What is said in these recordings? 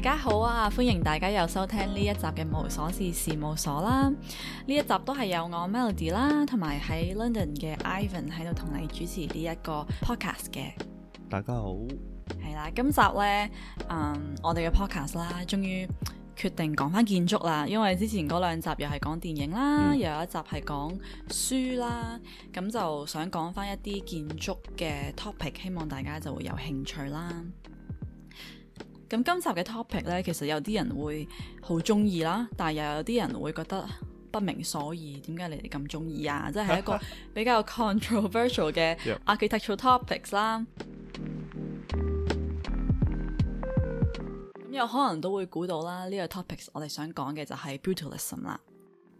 大家好啊！歡迎大家又收聽呢一集嘅無瑣事事務所啦。呢一集都係有我 Melody 啦，同埋喺 London 嘅 Ivan 喺度同你主持呢一個 podcast 嘅。大家好，係啦，今集呢，嗯、我哋嘅 podcast 啦，終於決定講翻建築啦，因為之前嗰兩集又係講電影啦，嗯、又有一集係講書啦，咁就想講翻一啲建築嘅 topic，希望大家就會有興趣啦。咁今集嘅 topic 咧，其實有啲人會好中意啦，但係又有啲人會覺得不明所以，點解你哋咁中意啊？即係一個比較 controversial 嘅 architectural topics 啦。咁有 可能都會估到啦，呢、這個 topics 我哋想講嘅就係 brutalism 啦。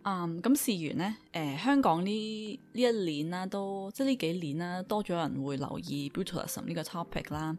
嗯，咁事緣呢，誒、呃、香港呢呢一年啦、啊，都即係呢幾年啦、啊，多咗人會留意 brutalism 呢個 topic 啦。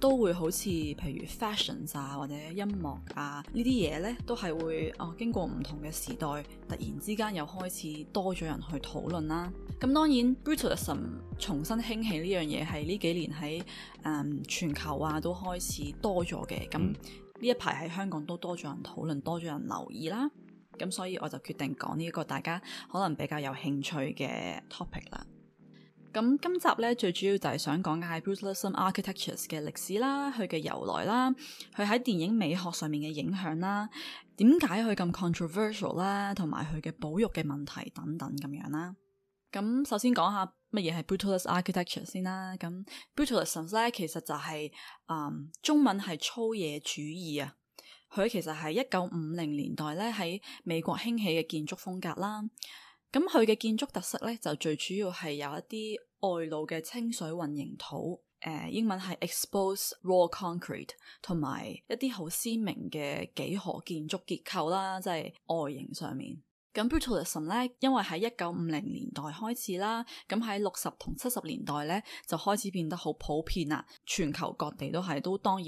都會好似譬如 fashions 啊或者音樂啊呢啲嘢呢，都係會哦經過唔同嘅時代，突然之間又開始多咗人去討論啦。咁當然 Brutalism 重新興起呢樣嘢係呢幾年喺、嗯、全球啊都開始多咗嘅。咁呢一排喺香港都多咗人討論，多咗人留意啦。咁所以我就決定講呢一個大家可能比較有興趣嘅 topic 啦。咁今集咧最主要就係想講嘅係 Brutalist Architecture 嘅歷史啦，佢嘅由來啦，佢喺電影美學上面嘅影響啦，點解佢咁 controversial 啦，同埋佢嘅保育嘅問題等等咁樣啦。咁首先講下乜嘢係 Brutalist Architecture 先啦。咁 Brutalism 咧其實就係、是，嗯，中文係粗野主義啊。佢其實係一九五零年代咧喺美國興起嘅建築風格啦。咁佢嘅建築特色咧就最主要係有一啲。外露嘅清水混凝土，誒、呃、英文係 exposed raw concrete，同埋一啲好鮮明嘅幾何建築結構啦，即係外形上面。咁 Brutalism 咧，因為喺一九五零年代開始啦，咁喺六十同七十年代咧，就開始變得好普遍啊，全球各地都係，都當然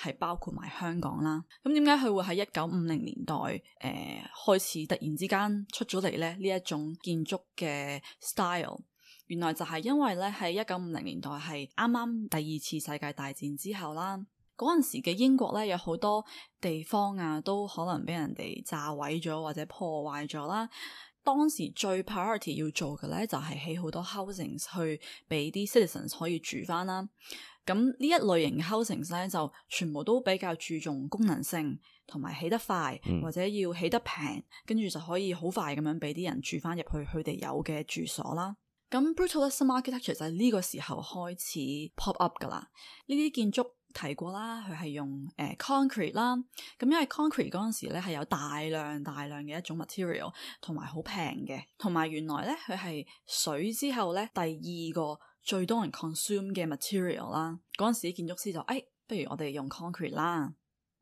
係包括埋香港啦。咁點解佢會喺一九五零年代誒、呃、開始突然之間出咗嚟咧？呢一種建築嘅 style。原來就係因為咧，喺一九五零年代係啱啱第二次世界大戰之後啦，嗰陣時嘅英國咧，有好多地方啊，都可能俾人哋炸毀咗或者破壞咗啦。當時最 priority 要做嘅咧，就係起好多 housings 去俾啲 citizens 可以住翻啦。咁呢一類型嘅 housings 咧，就全部都比較注重功能性，同埋起得快，嗯、或者要起得平，跟住就可以好快咁樣俾啲人住翻入去佢哋有嘅住所啦。咁 Brutalist Architecture 就喺呢個時候開始 pop up 噶啦，呢啲建築提過啦，佢係用誒、呃、Concrete 啦，咁因為 Concrete 嗰陣時咧係有大量大量嘅一種 material，同埋好平嘅，同埋原來咧佢係水之後咧第二個最多人 consume 嘅 material 啦，嗰陣時啲建築師就誒、哎，不如我哋用 Concrete 啦。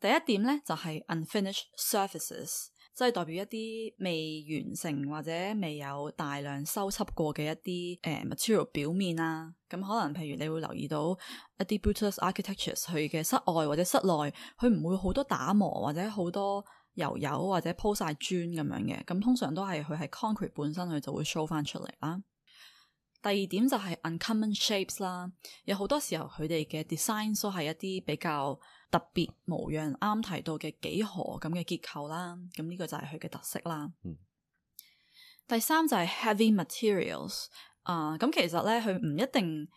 第一點咧就係 unfinished surfaces，即係代表一啲未完成或者未有大量修葺過嘅一啲誒、呃、material 表面啊。咁可能譬如你會留意到一啲 brutalist architectures 佢嘅室外或者室內，佢唔會好多打磨或者好多油油或者鋪晒磚咁樣嘅。咁通常都係佢係 concrete 本身佢就會 show 翻出嚟啦。第二點就係 uncommon shapes 啦，有好多時候佢哋嘅 design 都係一啲比較。特別模樣，啱提到嘅幾何咁嘅結構啦，咁呢個就係佢嘅特色啦。嗯、第三就係 heavy materials 啊、呃，咁其實咧佢唔一定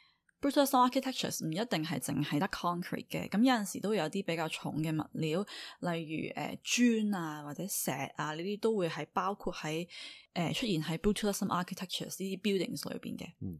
Brutalism architectures 唔一定係淨係得 concrete 嘅，咁有陣時都有啲比較重嘅物料，例如誒、呃、磚啊或者石啊呢啲都會係包括喺誒、呃、出現喺 Brutalism architectures 呢啲 buildings 裏邊嘅。嗯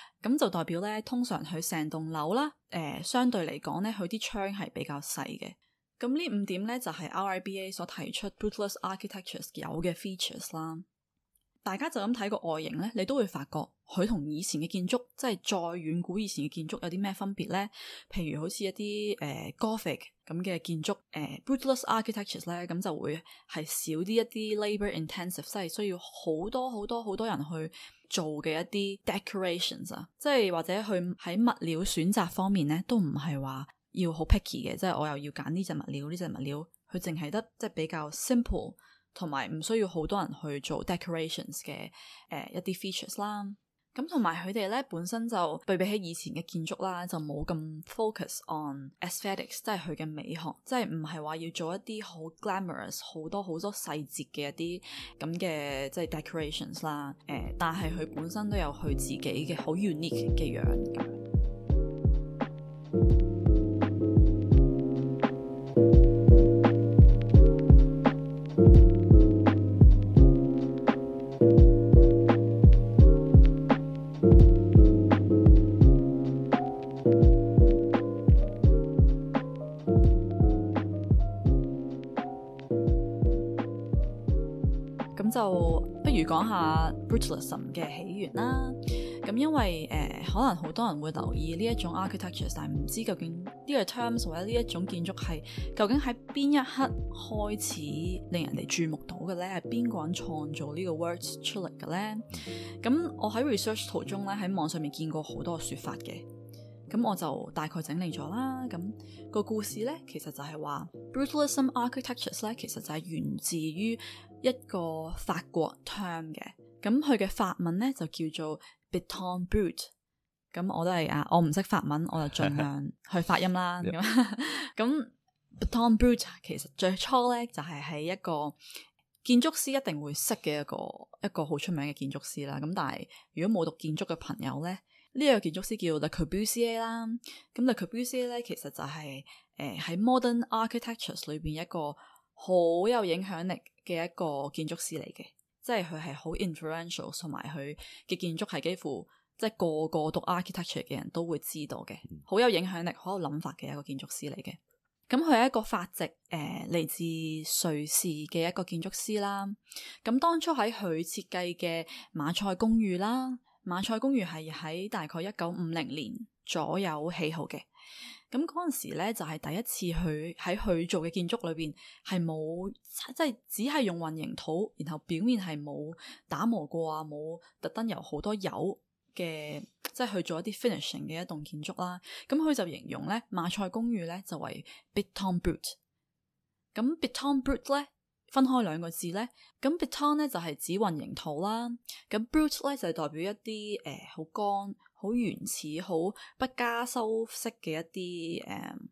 咁就代表咧，通常佢成棟樓啦，誒、呃，相對嚟講咧，佢啲窗係比較細嘅。咁呢五點咧，就係、是、RIBA 所提出 Brutalist architectures 有嘅 features 啦。大家就咁睇個外形咧，你都會發覺佢同以前嘅建築，即係再遠古以前嘅建築有啲咩分別咧？譬如好似一啲誒、呃、Gothic 咁嘅建築，誒 Brutalist architectures 咧，咁就會係少啲一啲 labor intensive，即係需要好多好多好多人去。做嘅一啲 decorations 啊，即係或者佢喺物料選擇方面咧，都唔係話要好 picky 嘅，即係我又要揀呢隻物料，呢隻物料佢淨係得即係比較 simple，同埋唔需要好多人去做 decorations 嘅誒、呃、一啲 features 啦。咁同埋佢哋咧，本身就對比起以前嘅建築啦，就冇咁 focus on aesthetics，即係佢嘅美學，即係唔係話要做一啲好 glamorous 好多好多細節嘅一啲咁嘅即係、就是、decorations 啦，誒、呃，但係佢本身都有佢自己嘅好 unique 嘅樣。下 Brutalism 嘅起源啦，咁因為誒、呃、可能好多人會留意呢一種 architectures，但係唔知究竟呢個 terms 或者呢一種建築係究竟喺邊一刻開始令人哋注目到嘅咧？係邊個人創造呢個 word 出嚟嘅咧？咁我喺 research 途中咧喺網上面見過好多說法嘅，咁我就大概整理咗啦。咁、那個故事咧其實就係話 Brutalism architectures 咧其實就係源自於。一個法國 term 嘅，咁佢嘅法文咧就叫做 Beton Brut，e 咁我都係啊，我唔識法文，我就盡量去發音啦。咁咁 Beton Brut e 其實最初咧就係、是、喺一個建築師一定會識嘅一個一個好出名嘅建築師啦。咁但係如果冇讀建築嘅朋友咧，呢、這個建築師叫 Le Corbusier 啦。咁 Le Corbusier 咧其實就係誒喺 Modern Architectures 裏邊一個好有影響力嘅一個建築師嚟嘅，即係佢係好 influential，同埋佢嘅建築係幾乎即係個個讀 architecture 嘅人都會知道嘅。好有影響力，好有諗法嘅一個建築師嚟嘅。咁佢係一個法籍誒、呃，嚟自瑞士嘅一個建築師啦。咁當初喺佢設計嘅馬賽公寓啦，馬賽公寓係喺大概一九五零年左右起好嘅。咁嗰陣時咧，就係、是、第一次佢喺佢做嘅建築裏邊係冇，即係只係用混凝土，然後表面係冇打磨過啊，冇特登有好多油嘅，即係去做一啲 finishing 嘅一棟建築啦。咁佢就形容咧，馬賽公寓咧就為 béton brut。咁 béton brut 咧分開兩個字咧，咁 béton 咧就係指混凝土啦，咁 brut 咧就係代表一啲誒好乾。呃好原始、好不加修飾嘅一啲誒、嗯、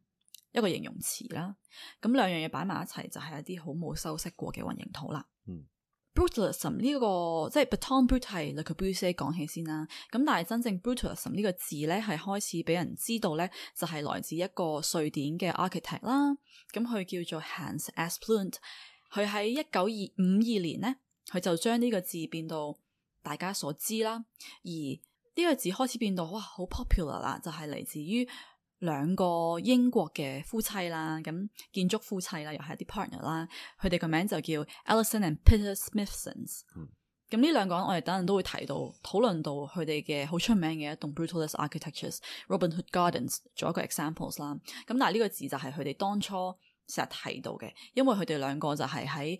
一個形容詞啦，咁兩樣嘢擺埋一齊就係、是、一啲好冇修飾過嘅混凝土啦。嗯，Brutalism 呢、這個即係 Beton Brut 係 Le Corbusier 講起先啦，咁但係真正 Brutalism 呢個字咧係開始俾人知道咧，就係、是、來自一個瑞典嘅 Architect 啦，咁佢叫做 Hans Asplund，佢喺一九二五二年咧，佢就將呢個字變到大家所知啦，而呢個字開始變到哇，好 popular 啦，就係、是、嚟自於兩個英國嘅夫妻啦，咁建築夫妻啦，又係啲 partner 啦，佢哋個名就叫 Alison and Peter Smithsons、嗯。咁呢兩個我哋等陣都會提到，討論到佢哋嘅好出名嘅一棟 Brutalist architectures，Robin Hood Gardens 做一個 examples 啦。咁但係呢個字就係佢哋當初成日提到嘅，因為佢哋兩個就係喺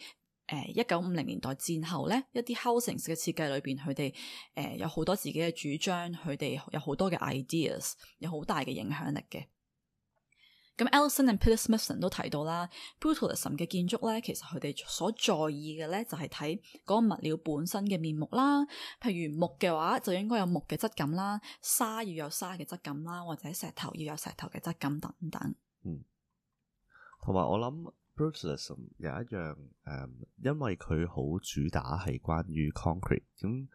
誒一九五零年代戰後咧，一啲 housing 嘅設計裏邊，佢哋誒有好多自己嘅主張，佢哋有好多嘅 ideas，有好大嘅影響力嘅。咁 Alison and Peter Smithson 都提到啦 Brutalism 嘅建築咧，其實佢哋所在意嘅咧，就係睇嗰個物料本身嘅面目啦。譬如木嘅話，就應該有木嘅質感啦；沙要有沙嘅質感啦，或者石頭要有石頭嘅質感等等。嗯，同埋我諗。Brutalism 有一樣誒，因為佢好主打係關於 concrete，咁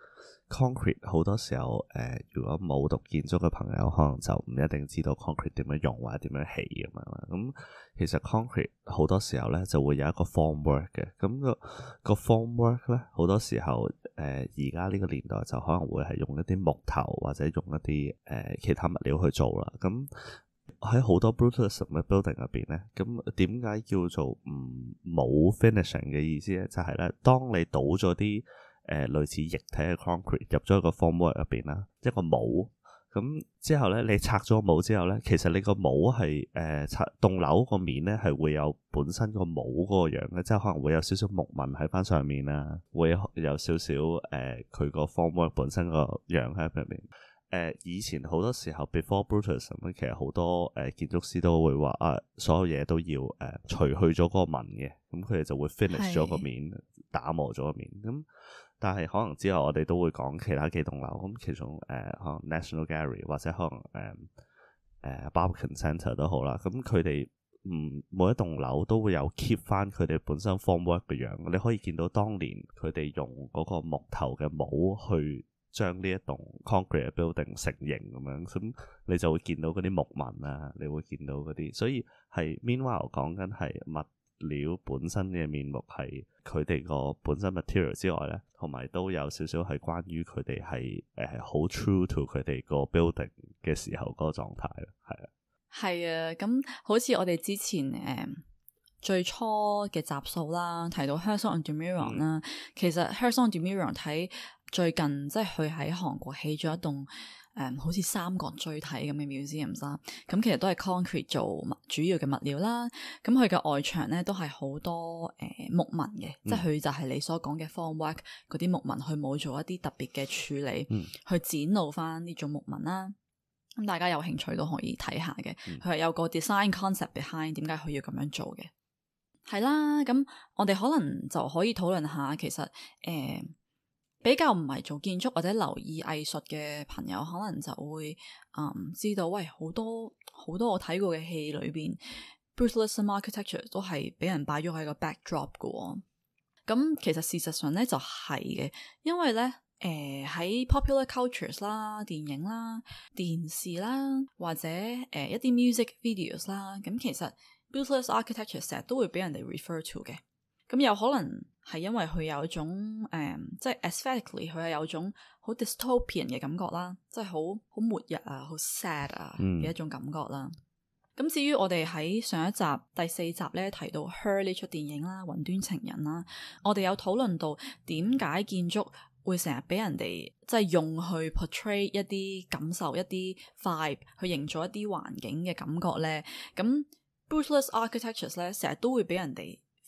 concrete 好多時候誒、呃，如果冇讀建築嘅朋友，可能就唔一定知道 concrete 點樣用或者點樣起咁樣啦。咁其實 concrete 好多時候咧就會有一個 formwork 嘅，咁、個個 formwork 咧好多時候誒，而家呢個年代就可能會係用一啲木頭或者用一啲誒、呃、其他物料去做啦。咁喺好多 brutal 嘅 building 入邊咧，咁點解叫做唔冇 finishing 嘅意思咧？就係咧，當你倒咗啲誒類似液體嘅 concrete 入咗個 formwork 入邊啦，一個模咁之後咧，你拆咗個模之後咧，其實你個模係誒拆棟樓個面咧，係會有本身個模嗰個樣嘅，即係可能會有少少木紋喺翻上面啦，會有少少誒佢個 formwork 本身個樣喺入面。誒以前好多時候，before Brutalism 其實好多誒、呃、建築師都會話啊，所有嘢都要誒、呃、除去咗嗰個紋嘅，咁佢哋就會 finish 咗個面，是打磨咗個面。咁、嗯、但係可能之後我哋都會講其他幾棟樓，咁、嗯、其中誒、呃、可能 National Gallery 或者可能誒誒、呃呃、Barbican Centre 都好啦。咁佢哋唔每一棟樓都會有 keep 翻佢哋本身 formwork 嘅樣，你可以見到當年佢哋用嗰個木頭嘅帽去。將呢一棟 concrete building 成型咁樣，咁你就會見到嗰啲木紋啊，你會見到嗰啲，所以係 Meanwhile 講緊係物料本身嘅面目，係佢哋個本身 material 之外咧，同埋都有少少係關於佢哋係誒好 true to 佢哋個 building 嘅時候嗰個狀態係啊，係啊，咁好似我哋之前誒、嗯、最初嘅集數啦，提到 Herzog & de Meuron 啦、嗯，其實 Herzog & de Meuron 睇。最近即係佢喺韓國起咗一棟誒、嗯、好似三角錐體咁嘅 museum 啦，咁其實都係 concrete 做主要嘅物料啦。咁佢嘅外牆咧都係好多誒木紋嘅，即係佢就係你所講嘅 formwork 嗰啲木紋，佢冇做一啲特別嘅處理、嗯、去展露翻呢種木紋啦。咁大家有興趣都可以睇下嘅，佢係有個 design concept behind 點解佢要咁樣做嘅。係啦，咁我哋可能就可以討論下其實誒。呃比較唔係做建築或者留意藝術嘅朋友，可能就會，嗯，知道，喂好多好多我睇過嘅戲裏邊，Brutalist architecture 都係俾人擺咗喺個 backdrop 嘅喎。咁其實事實上咧就係、是、嘅，因為咧誒喺 popular cultures 啦、電影啦、電視啦，或者誒、呃、一啲 music videos 啦，咁其實 Brutalist architecture 成日都會俾人哋 refer to 嘅。咁有可能係因為佢有一種誒，um, 即係 aesthetically 佢係有種好 dystopian 嘅感覺啦，即係好好末日啊，好 sad 啊嘅一種感覺啦。咁、嗯、至於我哋喺上一集第四集咧提到《Her》呢出電影啦，《雲端情人》啦，我哋有討論到點解建築會成日俾人哋即係用去 portray 一啲感受、一啲 vibe 去營造一啲環境嘅感覺咧。咁 brutalist architectures 咧成日都會俾人哋。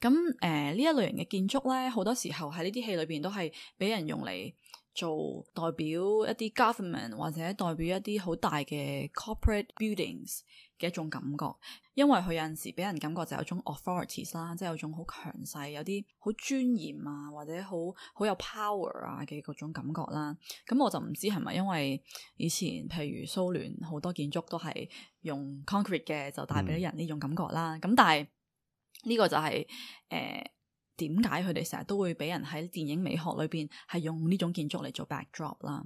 咁誒呢一類型嘅建築咧，好多時候喺呢啲戲裏邊都係俾人用嚟做代表一啲 government 或者代表一啲好大嘅 corporate buildings 嘅一種感覺，因為佢有陣時俾人感覺就有種 authorities 啦，即係有種好強勢、有啲好尊嚴啊，或者好好有 power 啊嘅嗰種感覺啦。咁我就唔知係咪因為以前譬如蘇聯好多建築都係用 concrete 嘅，就帶俾人呢種感覺啦。咁、嗯、但係。呢個就係誒點解佢哋成日都會俾人喺電影美學裏邊係用呢種建築嚟做 backdrop 啦。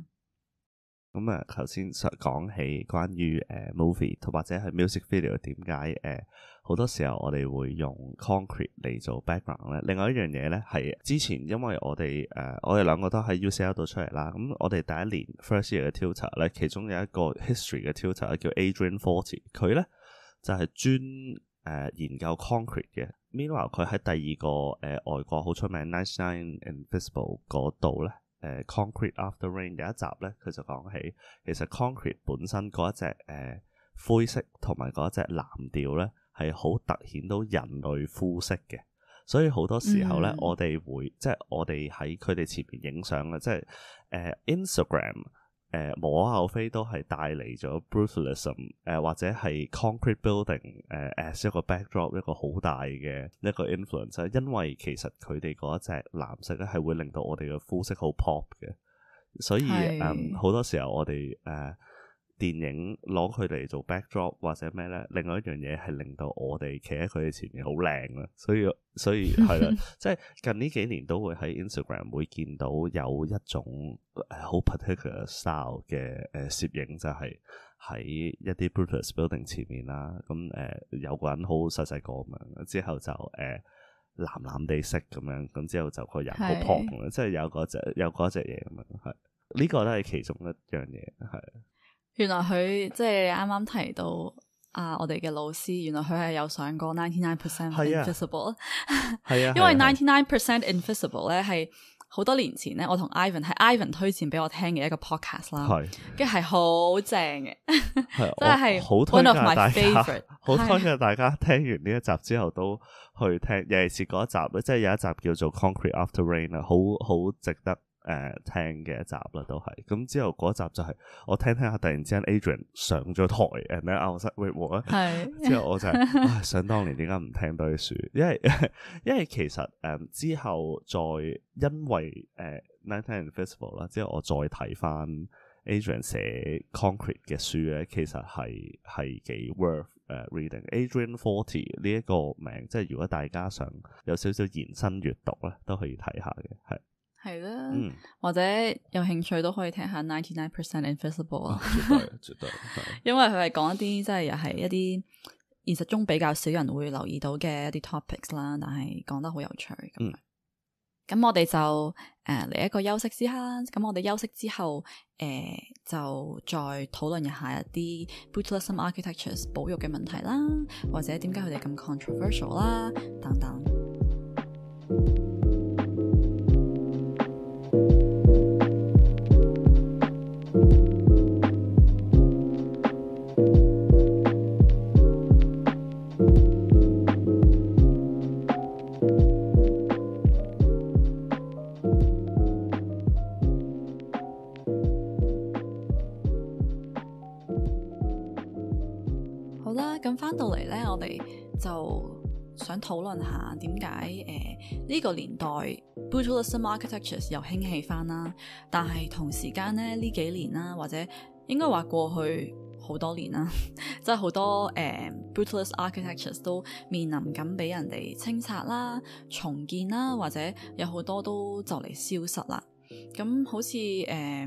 咁啊、嗯，頭先講起關於誒、呃、movie 或者係 music video 點解誒好多時候我哋會用 concrete 嚟做 background 咧。另外一樣嘢咧係之前因為我哋誒、呃、我哋兩個都喺 UCL 度出嚟啦。咁、嗯、我哋第一年 first year 嘅 tutor 咧，其中有一個 history 嘅 tutor 叫 Adrian Forty，佢咧就係、是、專。.誒、uh, 研究 concrete 嘅，Meanwhile 佢喺第二個誒、呃、外國好出名《99% Invisible》嗰度咧，誒 Concrete After Rain 嘅一集咧，佢就講起其實 concrete 本身嗰一隻誒、呃、灰色同埋嗰一隻藍調咧，係好突顯到人類膚色嘅，所以好多時候咧，mm hmm. 我哋會即係我哋喺佢哋前面影相啊，即係誒、呃、Instagram。誒，無可厚非都係帶嚟咗 Brutalism，誒、呃、或者係 concrete building，誒 as 一個 backdrop，一個好大嘅一個 influence，因為其實佢哋嗰一隻藍色咧，係會令到我哋嘅膚色好 pop 嘅，所以誒好是、嗯、多時候我哋誒。呃電影攞佢嚟做 backdrop 或者咩咧？另外一樣嘢係令到我哋企喺佢哋前面好靚啦，所以所以係啦， 即係近呢幾年都會喺 Instagram 會見到有一種好 particular style 嘅誒、呃、攝影，就係喺一啲 Brutalist building 前面啦。咁、嗯、誒、呃、有個人好細細個咁樣，之後就誒、呃、藍藍地色咁樣，咁之後就人的、那個人好胖嘅，即係有嗰隻有嗰隻嘢咁樣，係呢個都係其中一樣嘢，係。原來佢即係啱啱提到啊，我哋嘅老師原來佢係有上過 ninety nine percent invisible，係啊， 因為 ninety nine percent invisible 咧係好、啊、多年前咧，啊、我同 Ivan 係 Ivan 推薦俾我聽嘅一個 podcast 啦，係、啊，跟住係好正嘅，啊、 真係好推介大家，好、啊、推介大家聽完呢一集之後都去聽，啊、尤其是嗰一集咧，即、就、係、是、有一集叫做 Concrete After Rain 啊，好好，好值得。誒、呃，聽嘅一集啦，都係咁、嗯、之後嗰一集就係、是、我聽聽下，突然之間 Adrian 上咗台，誒咩？Alex Waite 啊， 之後我就想當年點解唔聽堆書？因為因為其實誒、嗯、之後再因為誒 Nineteen Festival 啦，呃、and visible, 之後我再睇翻 Adrian 寫 Concrete 嘅書咧，其實係係幾 worth 誒、uh, reading Adrian Forty 呢一個名，即係如果大家想有少少延伸閱讀咧，都可以睇下嘅係。係啦，嗯、或者有興趣都可以聽下 Ninety Nine Percent Invisible 啊，絕對絕對，嗯、 因為佢係講一啲即係又係一啲現實中比較少人會留意到嘅一啲 topics 啦，但係講得好有趣咁。咁、嗯、我哋就誒嚟、呃、一個休息先啦，咁我哋休息之後誒、呃、就再討論一下一啲 Brutalism Architectures 保育嘅問題啦，或者點解佢哋咁 controversial 啦等等。翻到嚟咧，我哋就想討論下點解誒呢個年代 Brutalist Architectures 又興起翻啦，但係同時間咧呢幾年啦，或者應該話過去好多年啦，即係好多誒、呃、Brutalist Architectures 都面臨緊俾人哋清拆啦、重建啦，或者有好多都就嚟消失啦。咁好似誒、呃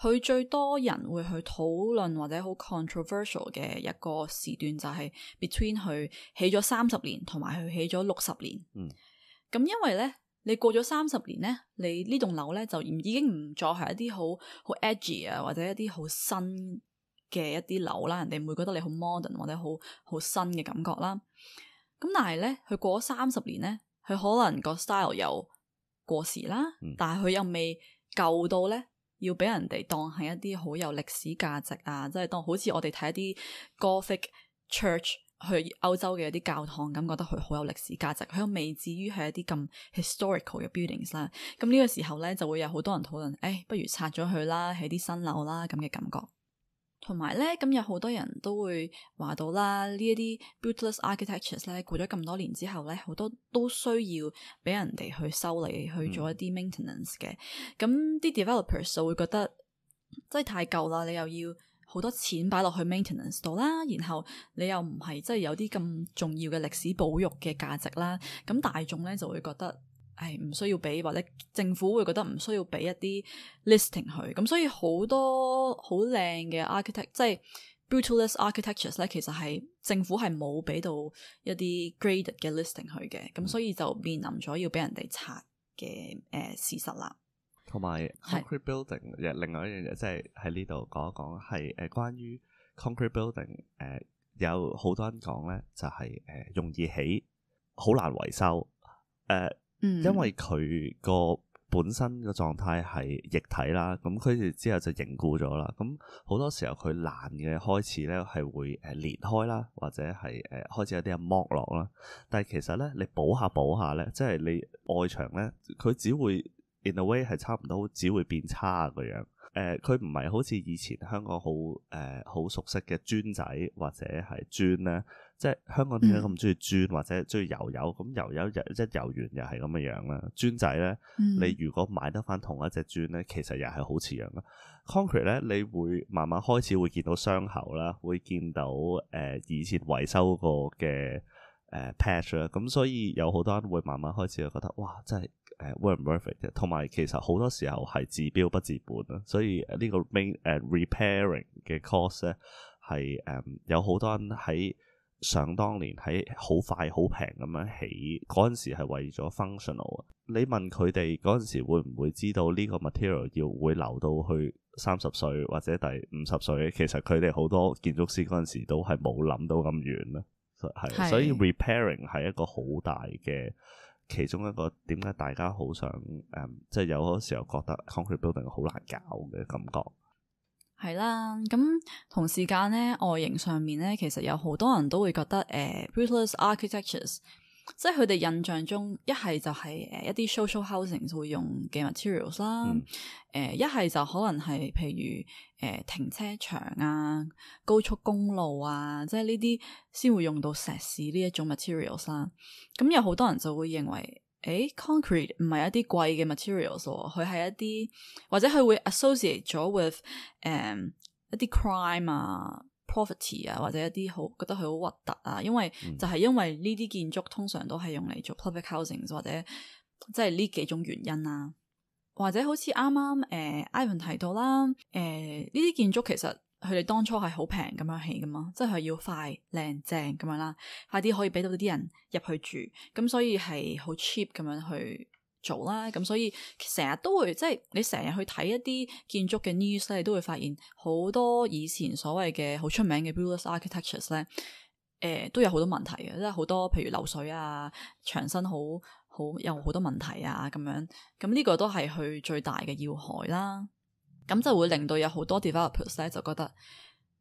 佢最多人會去討論或者好 controversial 嘅一個時段，就係、是、between 佢起咗三十年同埋佢起咗六十年。咁、嗯、因為咧，你過咗三十年咧，你呢棟樓咧就已經唔再係一啲好好 edgy 啊，或者一啲好新嘅一啲樓啦。人哋唔會覺得你好 modern 或者好好新嘅感覺啦。咁但係咧，佢過咗三十年咧，佢可能個 style 又過時啦，嗯、但係佢又未舊到咧。要俾人哋當係一啲好有歷史價值啊，即係當好似我哋睇一啲 Gothic Church 去歐洲嘅一啲教堂咁，覺得佢好有歷史價值，佢又未至於係一啲咁 historical 嘅 buildings 啦。咁呢個時候咧就會有好多人討論，誒、哎、不如拆咗佢啦，起啲新樓啦咁嘅感覺。同埋咧，咁有好多人都會話到啦，呢一啲 Brutalist architectures 咧，過咗咁多年之後咧，好多都需要俾人哋去修理去做一啲 maintenance 嘅。咁啲 developers 就會覺得真係太舊啦，你又要好多錢擺落去 maintenance 度啦，然後你又唔係真係有啲咁重要嘅歷史保育嘅價值啦。咁大眾咧就會覺得。係唔、哎、需要俾，或者政府會覺得唔需要俾一啲 listing 佢，咁、嗯、所以好多好靚嘅 architect 即係 brutalist architectures 咧，其實係政府係冇俾到一啲 graded 嘅 listing 佢嘅，咁、嗯、所以就面臨咗要俾人哋拆嘅誒事實啦。同埋有、嗯、concrete building 是 yeah, 另外一樣嘢，即係喺呢度講一講，係誒、呃、關於 concrete building 誒、呃、有好多人講咧，就係、是、誒、呃、容易起，好難維修誒。呃因為佢個本身個狀態係液體啦，咁佢哋之後就凝固咗啦。咁好多時候佢爛嘅開始咧係會誒裂開啦，或者係誒開始有啲人剝落啦。但係其實咧，你補下補下咧，即係你外牆咧，佢只會 in a way 係差唔多，只會變差個樣。誒、呃，佢唔係好似以前香港好誒好熟悉嘅磚仔或者係磚咧。即係香港啲人咁中意磚，嗯、或者中意油油咁油油，又即係油完又係咁嘅樣啦。磚仔咧，嗯、你如果買得翻同一隻磚咧，其實又係好似樣啦。Concrete 咧，你會慢慢開始會見到傷口啦，會見到誒、呃、以前維修過嘅誒 patch 啦。咁所以有好多人會慢慢開始覺得哇，真係誒、uh, worth 唔 worth it 嘅。同埋其實好多時候係治標不治本啦。所以個呢個 main 誒 repairing 嘅 cost 咧係誒有好多人喺。想當年喺好快好平咁樣起，嗰陣時係為咗 functional。你問佢哋嗰陣時會唔會知道呢個 material 要會留到去三十歲或者第五十歲？其實佢哋好多建築師嗰陣時都係冇諗到咁遠啦，係。所以 repairing 係一個好大嘅其中一個點解大家好想誒，即係，嗯，就係有嗰時又覺得 concrete building 好難搞嘅感覺。係啦，咁同時間咧，外形上面咧，其實有好多人都會覺得誒 Brutalist architectures， 即係佢哋印象中是是一係就係誒一啲 social housing 會用嘅 materials 啦、嗯。誒，一係就可能係譬如誒、呃、停車場啊、高速公路啊，即係呢啲先會用到石屎呢一種 materials 啦。咁有好多人就會認為。誒、欸、，concrete 唔係一啲貴嘅 materials 咯，佢係一啲或者佢會 associate 咗 with 誒、um, 一啲 crime 啊，property 啊，或者一啲好覺得佢好核突啊，因為、嗯、就係因為呢啲建築通常都係用嚟做 public housing 或者即係呢幾種原因啊。或者好似啱啱誒 Ivan 提到啦，誒呢啲建築其實。佢哋當初係好平咁樣起噶嘛，即係要快、靚、正咁樣啦，快啲可以俾到啲人入去住，咁所以係好 cheap 咁樣去做啦。咁所以成日都會即係你成日去睇一啲建築嘅 news 咧，你都會發現好多以前所謂嘅好出名嘅 buildings architectures 咧、呃，誒都有好多問題嘅，即係好多譬如漏水啊、牆身好好有好多問題啊咁樣，咁呢個都係佢最大嘅要害啦。咁就會令到有好多 developers 咧就覺得，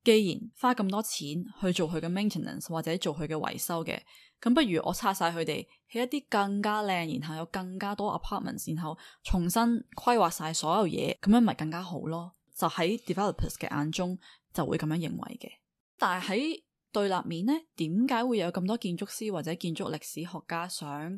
既然花咁多錢去做佢嘅 maintenance 或者做佢嘅維修嘅，咁不如我拆晒佢哋，起一啲更加靚，然後有更加多 apartment，然後重新規劃晒所有嘢，咁樣咪更加好咯。就喺 developers 嘅眼中就會咁樣認為嘅。但係喺對立面呢，點解會有咁多建築師或者建築歷史學家想？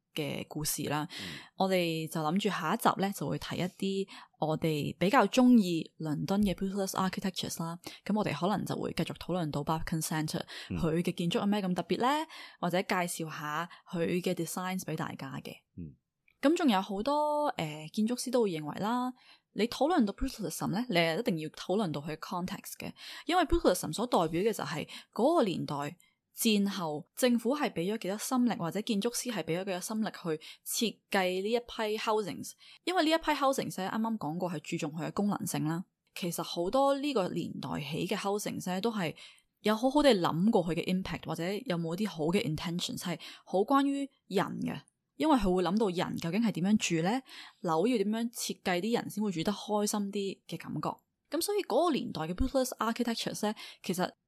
嘅故事啦，嗯、我哋就諗住下一集咧，就會睇一啲我哋比較中意倫敦嘅 Brutalist architectures 啦。咁我哋可能就會繼續討論到 b a r b c o n c e n t r 佢嘅建築有咩咁特別咧？或者介紹下佢嘅 designs 俾大家嘅。咁仲、嗯、有好多誒、呃，建築師都會認為啦，你討論到 Brutalism 咧，你係一定要討論到佢 context 嘅，因為 Brutalism 所代表嘅就係嗰個年代。戰後政府係俾咗幾多心力，或者建築師係俾咗幾多心力去設計呢一批 housings，因為呢一批 housings 咧，啱啱講過係注重佢嘅功能性啦。其實好多呢個年代起嘅 housings 咧，都係有好好地諗過佢嘅 impact，或者有冇啲好嘅 intentions 係好關於人嘅，因為佢會諗到人究竟係點樣住呢？樓要點樣設計，啲人先會住得開心啲嘅感覺。咁所以嗰個年代嘅 Brutalist architectures 咧，其實。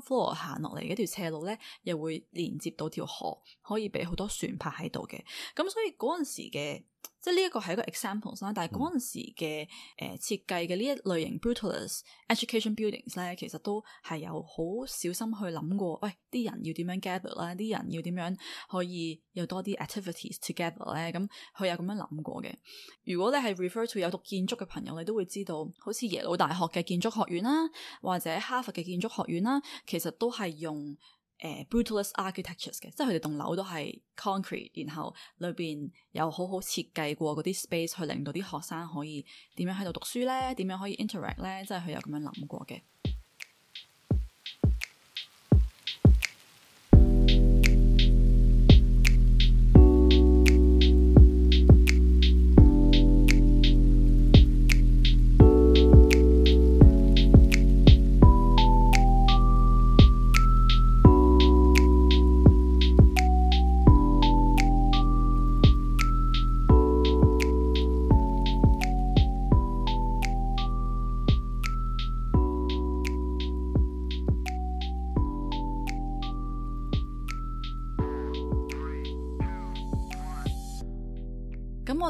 行落嚟嘅條斜路咧，又會連接到條河，可以俾好多船泊喺度嘅。咁所以嗰陣時嘅。即係呢一個係一個 examples 啦，但係嗰陣時嘅誒、呃、設計嘅呢一類型 Brutalist education buildings 咧，其實都係有好小心去諗過，喂、哎，啲人要點樣 gather 啦，啲人要點樣可以有多啲 activities together 咧、嗯，咁佢有咁樣諗過嘅。如果你係 refer to 有讀建築嘅朋友，你都會知道，好似耶魯大學嘅建築學院啦、啊，或者哈佛嘅建築學院啦、啊，其實都係用。誒 Brutalist Architectures 嘅，即係佢哋棟樓都係 concrete，然後裏邊有好好設計過嗰啲 space，去令到啲學生可以點樣喺度讀書咧，點樣可以 interact 咧，即係佢有咁樣諗過嘅。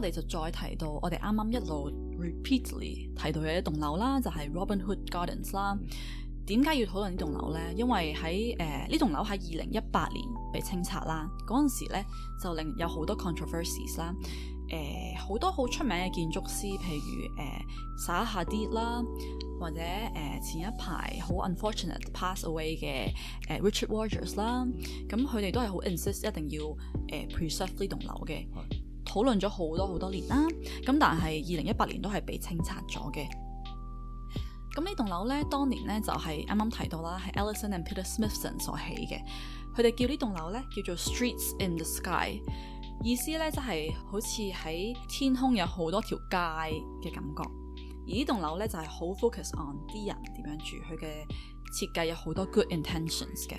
我哋就再提到，我哋啱啱一路 repeatedly 提到嘅一棟樓啦，就係 Robin Hood Gardens 啦。點解要討論呢棟樓咧？因為喺誒呢棟樓喺二零一八年被清拆啦。嗰陣時咧就令有好多 controversies 啦。誒好多好出名嘅建築師，譬如誒薩哈迪啦，或者誒前一排好 unfortunate pass away 嘅誒 Richard Rogers 啦。咁佢哋都係好 insist 一定要誒 preserve 呢棟樓嘅。討論咗好多好多年啦，咁但係二零一八年都係被清拆咗嘅。咁呢棟樓呢，當年呢就係啱啱提到啦，係 Alison and Peter Smithson 所起嘅，佢哋叫呢棟樓呢叫做 Streets in the Sky，意思呢就係好似喺天空有好多條街嘅感覺。而呢棟樓呢，就係好 focus on 啲人點樣住，佢嘅設計有好多 good intentions 嘅。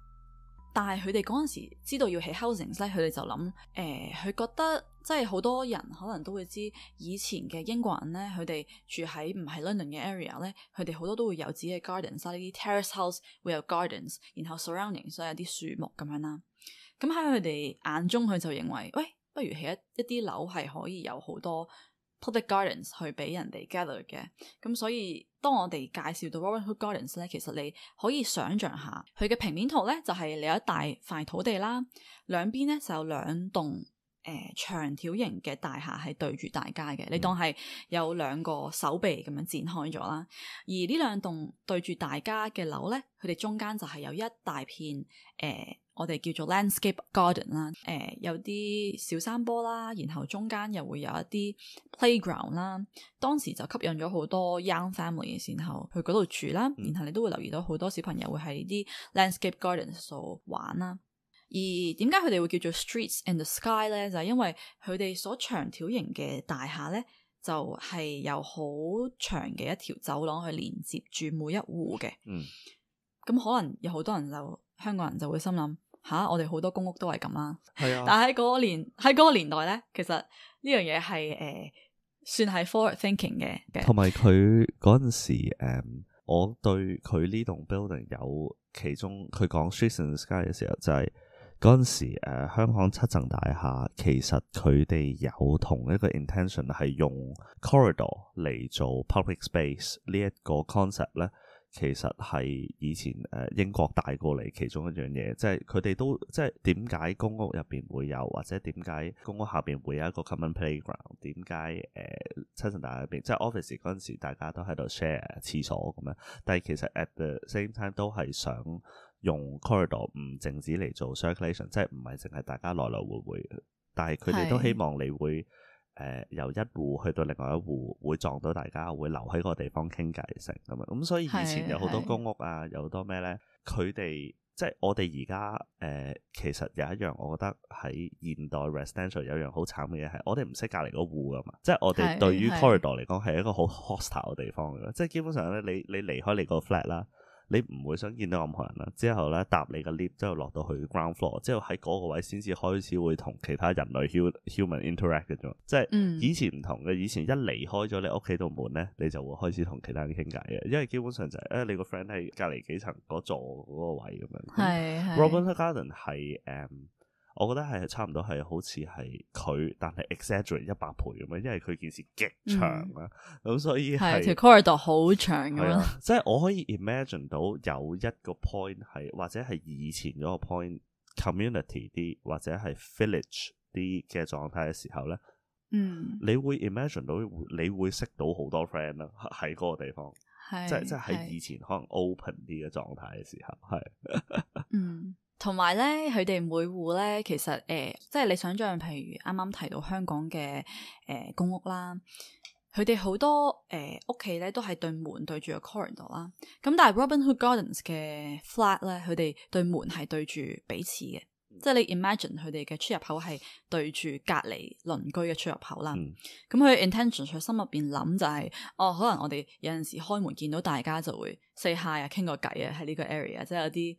但係佢哋嗰陣時知道要起 houses 咧，佢哋就諗，誒、呃，佢覺得即係好多人可能都會知以前嘅英國人咧，佢哋住喺唔係 London 嘅 area 咧，佢哋好多都會有自己嘅 gardens，所、啊、以啲 terrace house 會有 gardens 然後 surrounding 所以有啲樹木咁樣啦。咁喺佢哋眼中，佢就認為，喂，不如起一一啲樓係可以有好多。Public gardens, 去俾人哋 gather 嘅，咁所以當我哋介紹到 Robin Hood Gardens 咧，其實你可以想象下佢嘅平面圖咧，就係你有一大塊土地啦，兩邊咧就有兩棟誒、呃、長條形嘅大廈係對住大家嘅，你當係有兩個手臂咁樣展開咗啦。而呢兩棟對住大家嘅樓咧，佢哋中間就係有一大片誒。呃我哋叫做 landscape garden 啦，誒，有啲小山坡啦，然後中間又會有一啲 playground 啦。當時就吸引咗好多 young family，嘅，然後去嗰度住啦，然後你都會留意到好多小朋友會喺啲 landscape garden 度玩啦。而點解佢哋會叫做 streets in the sky 咧？就係因為佢哋所長條形嘅大廈咧，就係有好長嘅一條走廊去連接住每一戶嘅。嗯，咁可能有好多人就香港人就會心諗。吓、啊，我哋好多公屋都係咁啦，啊，但喺個年喺嗰個年代咧，其實呢樣嘢係誒算係 forward thinking 嘅，同埋佢嗰陣時誒、嗯，我對佢呢棟 building 有其中佢講 streets in the sky 嘅時候，就係嗰陣時誒、呃、香港七層大廈，其實佢哋有同一個 intention 係用 corridor 嚟做 public space 呢一個 concept 咧。其實係以前誒英國帶過嚟其中一樣嘢，即係佢哋都即係點解公屋入邊會有，或者點解公屋下邊會有一個 common playground？點解誒七層大廈入邊即係、就是、office 嗰陣時大家都喺度 share 廁所咁樣？但係其實 at the same time 都係想用 corridor 唔淨止嚟做 circulation，即係唔係淨係大家來來回回，但係佢哋都希望你會。誒、呃，由一戶去到另外一戶，會撞到大家，會留喺個地方傾偈成咁啊！咁、嗯、所以以前有好多公屋啊，的有好多咩咧，佢哋即係我哋而家誒，其實有一樣，我覺得喺現代 residential 有一樣好慘嘅嘢係，我哋唔識隔籬嗰戶㗎嘛，即係我哋對於 corridor 嚟講係一個好 hostile 嘅地方咯，即係基本上咧，你你離開你個 flat 啦。你唔會想見到任何人啦。之後咧，搭你嘅 lift，之後落到去 ground floor，之後喺嗰個位先至開始會同其他人類 human interact 嘅啫。即係以前唔同嘅，以前一離開咗你屋企度門咧，你就會開始同其他人傾偈嘅。因為基本上就係、是、誒、哎、你個 friend 喺隔離幾層嗰座嗰個位咁樣。係 Robin Hood Gardens 係。誒、um。我覺得係差唔多係好似係佢，但係 exaggerate 一百倍咁樣，因為佢件事極長啦，咁、嗯嗯、所以係條 corridor 好長噶嘛、 啊。即、就、係、是、我可以 imagine 到有一個 point 係或者係以前嗰個 point community 啲或者係 village 啲嘅狀態嘅時候咧，嗯，你會 imagine 到你會識到好多 friend 啦，喺嗰個地方，即係即係喺以前可能 open 啲嘅狀態嘅時候，係，嗯。 同埋咧，佢哋每戶咧，其實誒、呃，即係你想象，譬如啱啱提到香港嘅誒、呃、公屋啦，佢哋好多誒屋企咧都係對門對住個 corridor 啦。咁但係 Robin Hood Gardens 嘅 flat 咧，佢哋對門係對住彼此嘅，即係你 imagine 佢哋嘅出入口係對住隔籬鄰居嘅出入口啦。咁佢、嗯、intention 佢心入邊諗就係、是，哦，可能我哋有陣時開門見到大家就會 say hi 啊，傾個偈啊，喺呢個 area，即係有啲。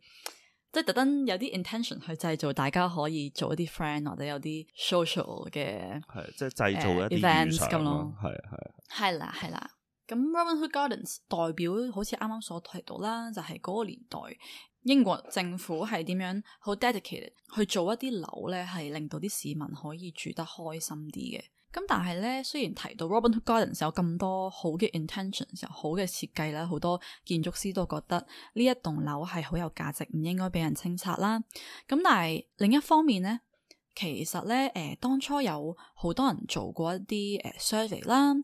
即係特登有啲 intention 去製造大家可以做一啲 friend 或者有啲 social 嘅，係即係製造一啲 events 咁、呃、events 咯，係啊，係啊，係啦係啦。咁 Robin Hood Gardens 代表好似啱啱所提到啦，就係、是、嗰個年代英國政府係點樣好 dedicated 去做一啲樓咧，係令到啲市民可以住得開心啲嘅。咁但係咧，雖然提到 Robin Hood Gardens 有咁多好嘅 intention，有好嘅設計咧，好多建築師都覺得呢一棟樓係好有價值，唔應該俾人清拆啦。咁但係另一方面咧，其實咧誒，當初有好多人做過一啲誒 survey 啦，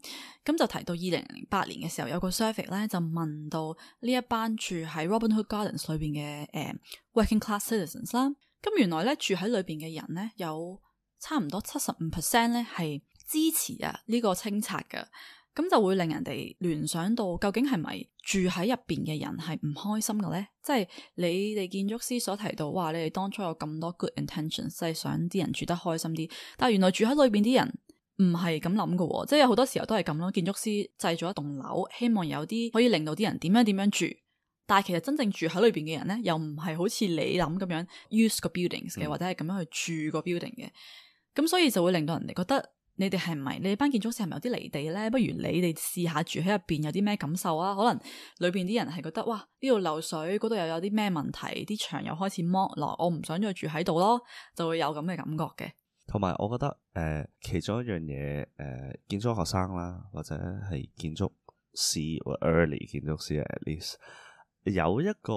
咁就提到二零零八年嘅時候有個 survey 咧，就問到呢一班住喺 Robin Hood Gardens 裏邊嘅誒 working class citizens 啦。咁原來咧住喺裏邊嘅人咧，有差唔多七十五 percent 咧係。支持啊！呢、這個清拆噶，咁就會令人哋聯想到，究竟係咪住喺入邊嘅人係唔開心嘅呢？即係你哋建築師所提到，話你哋當初有咁多 good intentions，即係想啲人住得開心啲，但係原來住喺裏邊啲人唔係咁諗嘅，即係有好多時候都係咁咯。建築師製造一棟樓，希望有啲可以令到啲人點樣點樣住，但係其實真正住喺裏邊嘅人呢，又唔係好似你諗咁樣 use 個 buildings 嘅，或者係咁樣去住個 building 嘅，咁、嗯、所以就會令到人哋覺得。你哋係唔係，你班建築師係咪有啲離地咧？不如你哋試下住喺入邊有啲咩感受啊？可能裏邊啲人係覺得哇，呢度漏水，嗰度又有啲咩問題，啲牆又開始剝落，我唔想再住喺度咯，就會有咁嘅感覺嘅。同埋，我覺得誒、呃、其中一樣嘢誒，建築學生啦，或者係建築師或 early 建築師 at least 有一個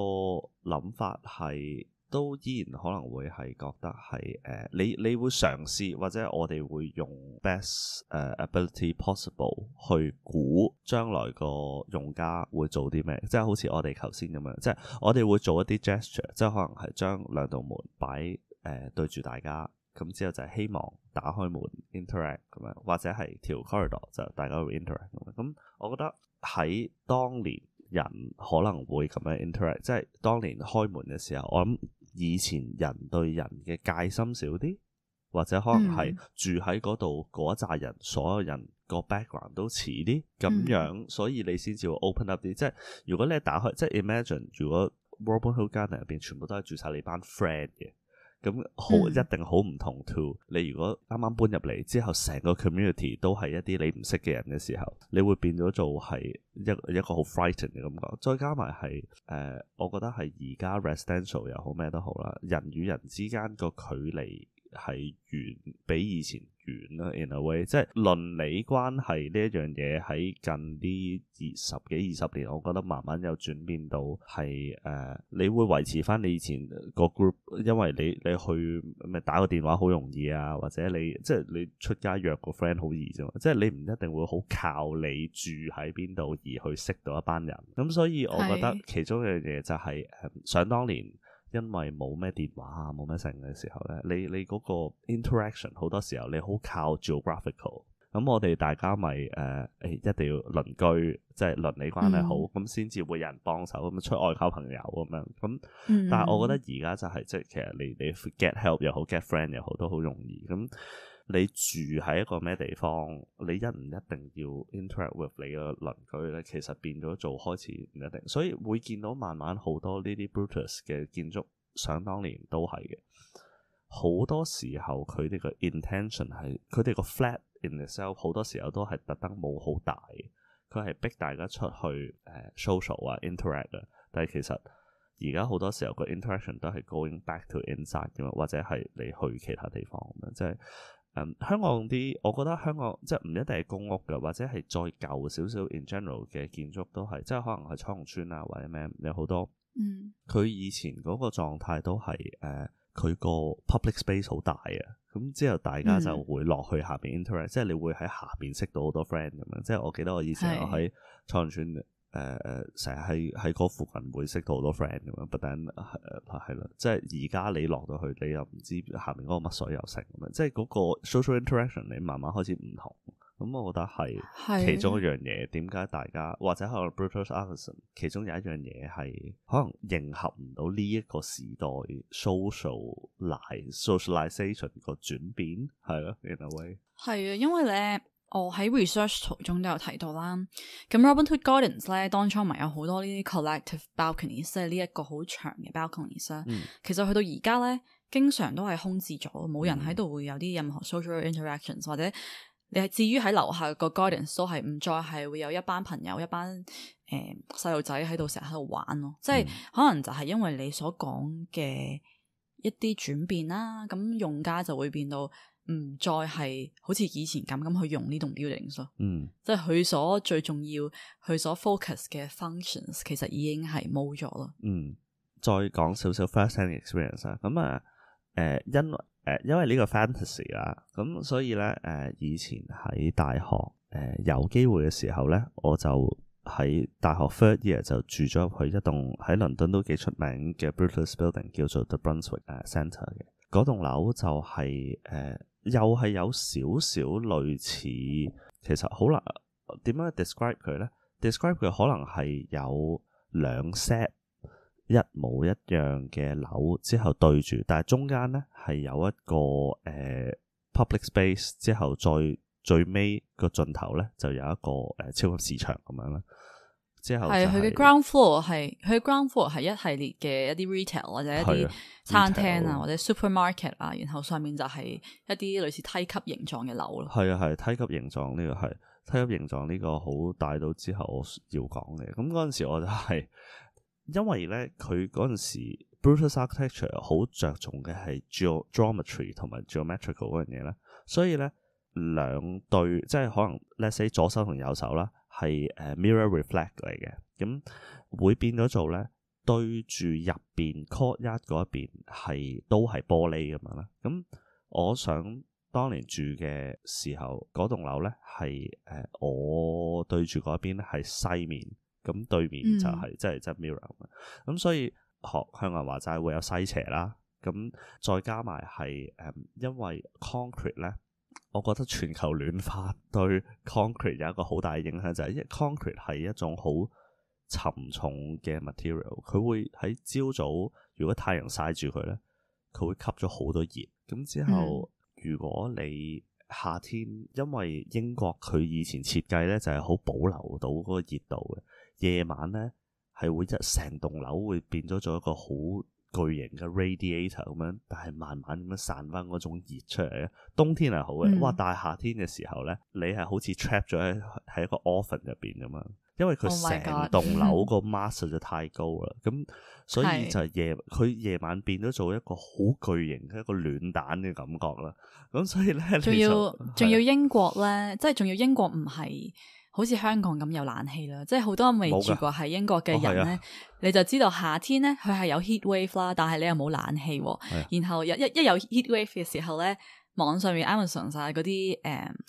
諗法係。都依然可能會係覺得係誒、uh,，你你會嘗試，或者我哋會用 best 誒、uh, ability possible 去估將來個用家會做啲咩，即係好似我哋頭先咁樣，即係我哋會做一啲 gesture，即係可能係將兩道門擺誒、呃、對住大家，咁之後就係希望打開門 interact 咁樣，或者係條 corridor 就大家會 interact 咁樣。咁我覺得喺當年人可能會咁樣 interact，即係當年開門嘅時候，我諗。以前人對人嘅戒心少啲，或者可能係住喺嗰度嗰扎人，所有人個 background 都似啲咁樣，嗯、所以你先至會 open up 啲。即係如果你打開，即係 imagine 如果 urban community 入邊全部都係住晒你班 friend 嘅。咁好、嗯、一定好唔同，to 你如果啱啱搬入嚟之後，成個 community 都係一啲你唔識嘅人嘅時候，你會變咗做係一一個好 frightened 嘅感覺。再加埋係誒，我覺得係而家 residential 又好咩都好啦，人與人之間個距離，係遠比以前遠啦，in a way，即係鄰里關係呢一樣嘢喺近啲二十幾二十年，我覺得慢慢有轉變到係誒、呃，你會維持翻你以前個 group，因為你你去咩打個電話好容易啊，或者你即係你出街約個 friend 好易啫嘛，即係你唔一定會好靠你住喺邊度而去識到一班人，咁所以我覺得其中一樣嘢就係、是、誒，是想當年。因為冇咩電話啊，冇咩成嘅時候咧，你你嗰個 interaction 好多時候你好靠 geographical，咁我哋大家咪誒誒一定要鄰居即係、就是、鄰里關係好，咁先至會有人幫手咁出外求朋友咁樣，咁但係我覺得而家就係、是、即係其實你你 get help 又好，get friend 又好都好容易咁。你住喺一個咩地方？你一唔一定要 interact with 你嘅鄰居咧？其實變咗做開始唔一定，所以會見到慢慢好多呢啲 Brutalist 嘅建築，想當年都係嘅。好多時候佢哋個 intention 係佢哋個 flat in itself，好多時候都係特登冇好大，佢係逼大家出去誒、uh, social 啊、uh,，interact 啊。但係其實而家好多時候個 interaction 都係 going back to inside 嘅，啊，或者係你去其他地方咁啊，即、就、係、是。嗯，um, 香港啲，我覺得香港即係唔一定係公屋嘅，或者係再舊少少，in general 嘅建築都係，即係可能係彩虹村啊或者咩，有好多，嗯，佢以前嗰個狀態都係，誒、呃，佢個 public space 好大啊。咁之後大家就會落去下面 interact，嗯、即係你會喺下邊識到好多 friend 咁樣，即係我記得我以前我喺彩虹村嘅。誒誒，成日喺喺嗰附近會識到好多 friend 咁樣，不但係係咯，即係而家你落到去，你又唔知下面嗰個乜所有性咁樣，即係嗰個 social interaction 你慢慢開始唔同，咁我覺得係其中一樣嘢。點解的大家或者係 Brutalist Architecture，其中有一樣嘢係可能迎合唔到呢一個時代 socialize socialization 個轉變，係咯，in a way，係啊，因為咧。我喺 research 途中都有提到啦，咁 Robin Hood Gardens 咧，當初咪有好多呢啲 collective balconies，即係呢一個好長嘅 balcony 啦、嗯。其實去到而家咧，經常都係空置咗，冇人喺度會有啲任何 social interactions，或者你係至於喺樓下個 Gardens 都係唔再係會有一班朋友一班誒細路仔喺度成日喺度玩咯，嗯、即係可能就係因為你所講嘅一啲轉變啦，咁用家就會變到。唔再係好似以前咁咁去用呢棟 building 咯，嗯，即係佢所最重要，佢所 focus 嘅 functions 其實已經係冇咗咯。嗯，再講少少 first hand experience 啊，咁啊，誒，因誒，因為呢、呃、個 fantasy 啦，咁、嗯、所以咧，誒、呃，以前喺大學，誒、呃，有機會嘅時候咧，我就喺大學 first year 就住咗入去一棟喺倫敦都幾出名嘅 Brutalist building，叫做 The Brunswick 誒 Center 嘅，嗰棟樓就係、是、誒。呃又係有少少類似，其實好啦，點樣 describe 佢呢？describe 佢可能係有兩 set 一模一樣嘅樓之後對住，但係中間呢係有一個誒、uh, public space，之後再最尾個盡頭呢就有一個誒、uh, 超級市場咁樣啦。之後係佢嘅 ground floor 係佢嘅 ground floor 係一系列嘅一啲 retail 或者一啲餐廳啊或者 supermarket 啊，然後上面就係一啲類似梯級形狀嘅樓咯。係啊係梯級形狀呢、呢個係梯級形狀呢個好大到之後我要講嘅。咁嗰陣時我就係、是、因為咧佢嗰陣時 Brutalist Architecture 好着重嘅係 ge geometry 同埋 geometrical 嗰樣嘢咧，所以咧兩對即係可能 let's say 左手同右手啦。係誒、uh, mirror reflect 嚟嘅。咁會變咗做咧，對住入邊 court yard 一嗰邊係都係玻璃咁樣啦。咁我想當年住嘅時候嗰棟樓咧，係誒我對住嗰邊咧係西面，咁對面就係、係嗯就係、即係即係 mirror 嘅。咁所以學香港話齋會有西斜啦。咁再加埋係誒因為 concrete 咧。我覺得全球暖化對 concrete 有一個好大影響，就係因為 concrete 係一種好沉重嘅 material，佢會喺朝早如果太陽曬住佢咧，佢會吸咗好多熱。咁之後如果你夏天，因為英國佢以前設計咧就係好保留到嗰個熱度嘅，夜晚咧係會一成棟樓會變咗做一個好巨型嘅 radiator 咁樣，但係慢慢咁樣散翻嗰種熱出嚟。冬天係好嘅。哇！大夏天嘅時候呢，你係好似 trap 咗喺喺一個 oven 入邊咁樣，因為佢成棟樓個 mass 實在太高啦，咁、oh 嗯嗯、所以就係夜佢夜是的 晚變咗做一個好巨型嘅一個暖蛋嘅感覺啦。咁所以呢，仲要仲就要英國呢， 即係仲要英國唔係。好似香港咁有冷氣啦，即係好多未住過喺英國嘅人咧，哦、你就知道夏天咧佢係有 heat wave 啦，但係你又冇冷氣喎，的然後又一一有 heat wave 嘅時候咧。網上面 Amazon 晒嗰啲誒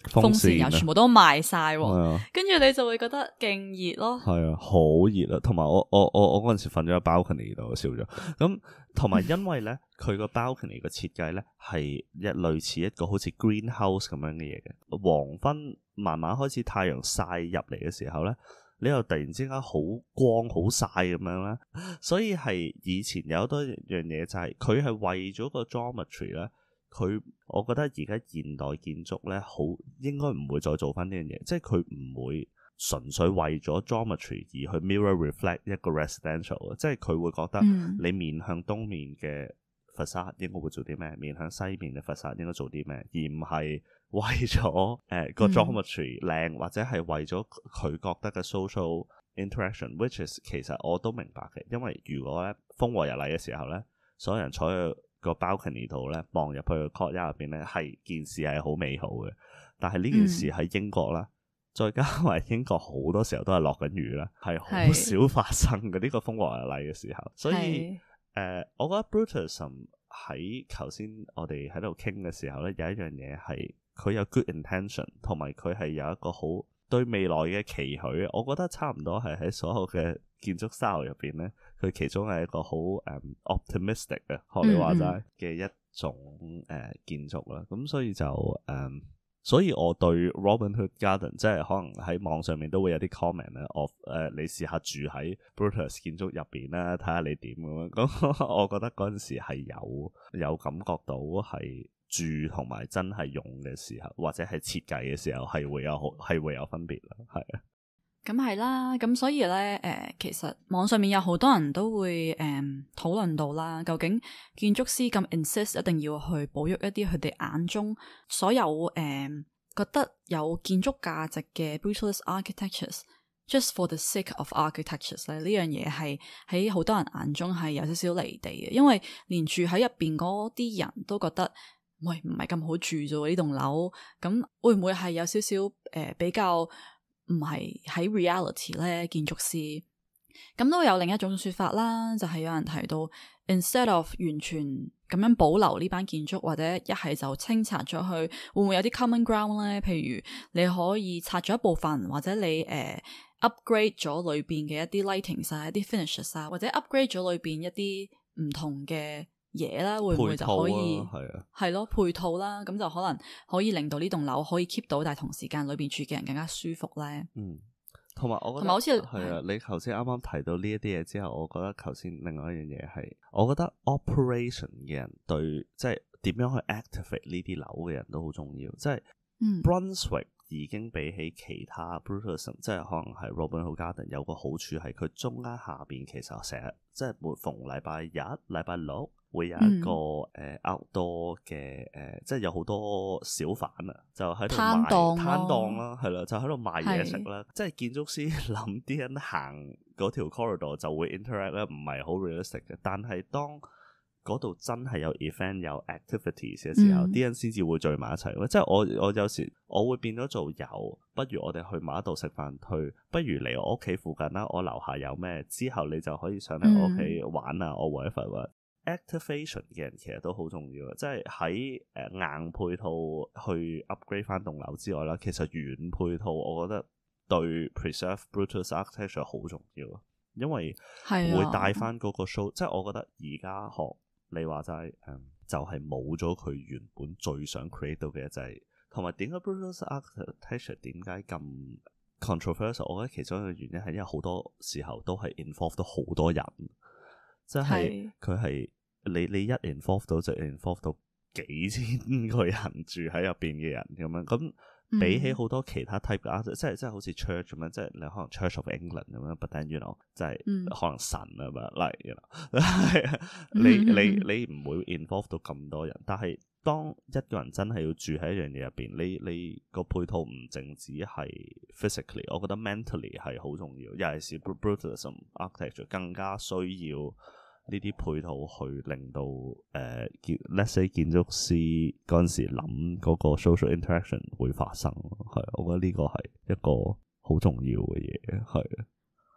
風扇又、啊、全部都賣晒，跟住、啊、你就會覺得勁熱咯，係啊，好熱啊！同埋我我我我嗰陣時瞓咗喺 balcony 度笑咗，咁同埋因為咧佢個 balcony 個設計咧係一類似一個好似 greenhouse 咁樣嘅嘢嘅，黃昏慢慢開始太陽晒入嚟嘅時候咧，你又突然之間好光好晒咁樣啦，所以係以前有好多樣嘢就係佢係為咗個 geometry 咧。佢，我覺得而家現代建築咧，好應該唔會再做翻呢樣嘢，即係佢唔會純粹為咗 dormitory 而去 mirror reflect 一個 residential，即係佢會覺得你面向東面嘅 facade 應該會做啲咩，嗯、面向西面嘅 facade 應該做啲咩，而唔係為咗誒個 dormitory 靚，或者係為咗佢覺得嘅 social interaction，which、嗯、is 其實我都明白嘅，因為如果咧風和日麗嘅時候咧，所有人坐喺個 balcony 度咧，望入 the 去個 courtyard 入邊咧，係件事係好美好嘅。但係呢件事喺英國啦，嗯、再加埋英國好多時候都係落緊雨啦，係好少發生嘅呢是 個風和日麗嘅時候。所以，誒是、呃，我覺得 Brutalism 喺頭先我哋喺度傾嘅時候咧，有一樣嘢係佢有 good intention，同埋佢係有一個好對未來嘅期許，我覺得差唔多係喺所有嘅建築 style 入邊咧，佢其中係一個好誒、um, optimistic 嘅學你話齋嘅一種誒、uh, 建築啦。咁所以就誒，um, 所以我對 Robin Hood Garden 即係可能喺網上面都會有啲 comment 咧、uh，我誒你試下住喺 Brutus 建築入邊啦，睇下你點咁。咁、那個、我覺得嗰陣時係有有感覺到係。住同埋真係用嘅時候，或者係設計嘅時候，係會有係會有分別啦，係啊，咁係啦，咁所以咧，誒、呃，其實網上面有好多人都會誒討論到啦，究竟建築師咁 insist 一定要去保育一啲佢哋眼中所有誒、嗯、覺得有建築價值嘅 brutalist architectures，just for the sake of architectures 咧，呢樣嘢係喺好多人眼中係有少少離地嘅，因為連住喺入邊嗰啲人都覺得。喂，唔係咁好住啫喎，呢棟樓咁會唔會係有少少誒比較唔係喺 reality 咧？建築師咁都有另一種説法啦，就係、是、有人提到，instead of 完全咁樣保留呢班建築，或者一係就清拆咗去，會唔會有啲 common ground 咧？譬如你可以拆咗一部分，或者你誒、呃、upgrade 咗裏邊嘅一啲 lighting 曬、啊、一啲 finishes、啊、曬，或者 upgrade 咗裏邊一啲唔同嘅嘢啦，會唔會就可以係咯配套啦、啊？咁就可能可以令到呢棟樓可以 keep 到，但係同時間裏邊住嘅人更加舒服咧。嗯，同埋我覺得同埋好似係啊！你頭先啱啱提到呢一啲嘢之後，我覺得頭先另外一樣嘢係，我覺得 operation 嘅人對即係點樣去 activate 呢啲樓嘅人都好重要。即係 Brunswick 已經比起其他 Brutalism 即係、嗯、可能係 Robin Hood Garden 有個好處係佢中間下邊其實成日即係每逢禮拜日、禮拜六。會有一個誒，凹多嘅誒，即係有好多小販啊，就喺度賣攤檔啦，係啦，就喺度賣嘢食啦。即係建築師諗啲人行嗰條 corridor 就會 interact 咧，唔係好 realistic 嘅。但係當嗰度真係有 event 有 activities 嘅時候，啲人先至會聚埋一齊咯。即係我我有時我會變咗做有，不如我哋去某一度食飯，去不如嚟我屋企附近啦。我樓下有咩之後你就可以上嚟我屋企玩啊！我 whatever activation 嘅人其實都好重要，即係喺誒硬配套去 upgrade 翻棟樓之外啦，其實軟配套我覺得對 preserve Brutalist architecture 好重要，因為會帶翻嗰個 show、啊。即係我覺得而家學你話齋，誒、嗯、就係冇咗佢原本最想 create 到嘅一劑，同埋點解 Brutalist architecture 點解咁 controversial？我覺得其中一個原因係因為好多時候都係 involve 到好多人。即係佢係你你一 involve 到就 involve 到幾千個人，住喺入邊嘅人咁樣，咁比起好多其他 type 啊、嗯、即係即係好似 church 咁樣，即係你可能 Church of England 咁樣，but then you know 即係、嗯、可能神啊嘛 like you know、嗯、你你你唔會 involve 到咁多人但係當一個人真係要住喺一樣嘢入邊，你你個配套唔淨止係 physically，我覺得 mentally 係好重要，尤其是 brutalism architecture 更加需要呢啲配套去令到誒 Let's say 建築師嗰陣時諗嗰個 social interaction 會發生，係我覺得呢個係一個好重要嘅嘢，係。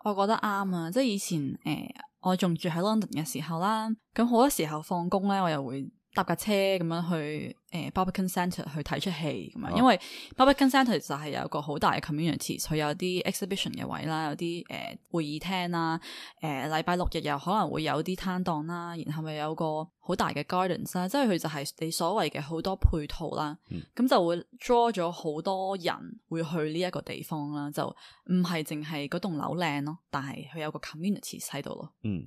我覺得啱啊，即係以前誒、呃、我仲住喺 London 嘅時候啦，咁好多時候放工咧，我又會，搭架車咁樣去誒 Barbican Centre 去睇出戲咁樣，因為 Barbican Centre 就係有一個好大嘅 community，佢有啲 exhibition 嘅位啦，有啲誒、呃、會議廳啦，誒禮拜六日又可能會有啲攤檔啦，然後咪有個好大嘅 guidance 啦，即係佢就係你所謂嘅好多配套啦，咁、嗯、就會 draw 咗好多人會去呢一個地方啦，就唔係淨係嗰棟樓靚咯，但係佢有個 community 喺度咯。嗯。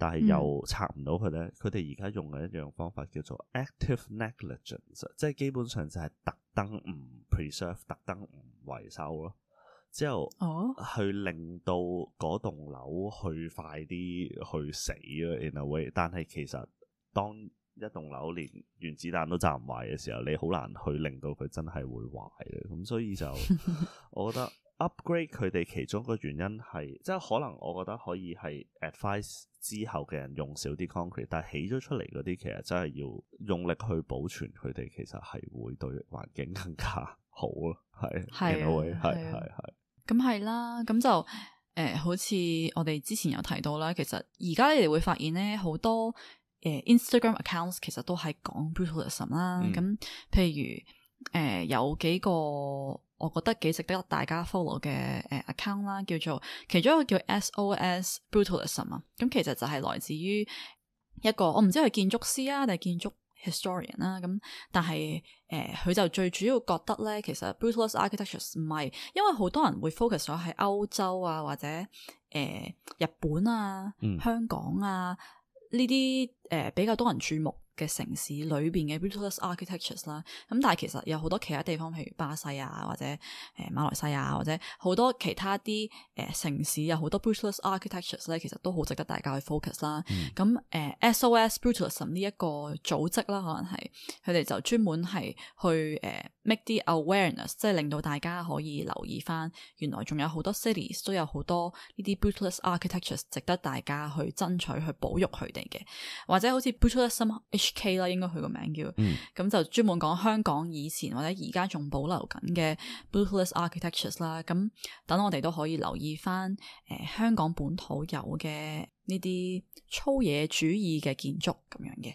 但係又拆唔到佢咧，佢哋而家用嘅一樣方法叫做 active negligence，即係基本上就係特登唔 preserve，特登唔維修咯，之後去令到嗰棟樓去快啲去死啊，in a way。但係其實當一棟樓連原子彈都炸唔壞嘅時候，你好難去令到佢真係會壞嘅。咁所以就 我覺得。upgrade 佢哋其中一個原因係，即係可能我覺得可以係 advise 之後嘅人用少啲 concrete，但係起咗出嚟嗰啲其實真係要用力去保存佢哋，其實係會對環境更加好咯。係係係係係，咁係啦。咁、啊啊、就誒、呃，好似我哋之前有提到啦，其實而家你哋會發現咧，好多誒、呃、Instagram accounts 其實都係講 brutalism 啦。咁、嗯、譬如誒、呃，有幾個。我覺得幾值得大家 follow 嘅誒 account 啦，叫做其中一個叫 SOS Brutalism 啊，咁其實就係來自於一個我唔知係建築師啊定係建築 historian 啦、啊，咁但係誒佢就最主要覺得咧，其實 Brutalist architectures 唔係，因為好多人會 focus 咗喺歐洲啊或者誒、呃、日本啊、香港啊呢啲誒比較多人注目嘅城市裏邊嘅 Brutalist Architectures 啦，咁但係其實有好多其他地方，譬如巴西啊，或者誒馬來西亞，或者好多其他啲誒、呃、城市有好多 Brutalist Architectures 咧，其實都好值得大家去 focus 啦、嗯。咁誒、呃、SOS Brutalism 呢一個組織啦，可能係佢哋就專門係去誒、呃 make 啲 awareness，即係令到大家可以留意翻，原來仲有好多 cities 都有好多呢啲 brutalist architectures 值得大家去爭取去保育佢哋嘅，或者好似 brutalist HK 啦，應該佢個名叫，咁、嗯、就專門講香港以前或者而家仲保留緊嘅 brutalist architectures 啦，咁等我哋都可以留意翻，誒、呃、香港本土有嘅呢啲粗野主義嘅建築咁樣嘅。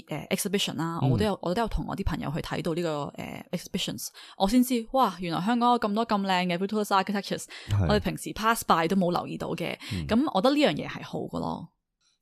誒、uh, exhibition 啦、嗯，我都有我都有同我啲朋友去睇到呢、這個誒、uh, exhibitions，我先知哇，原來香港有咁多咁靚嘅 brutalist architectures，是我哋平時 pass by 都冇留意到嘅，咁、嗯、我覺得呢樣嘢係好㗎咯。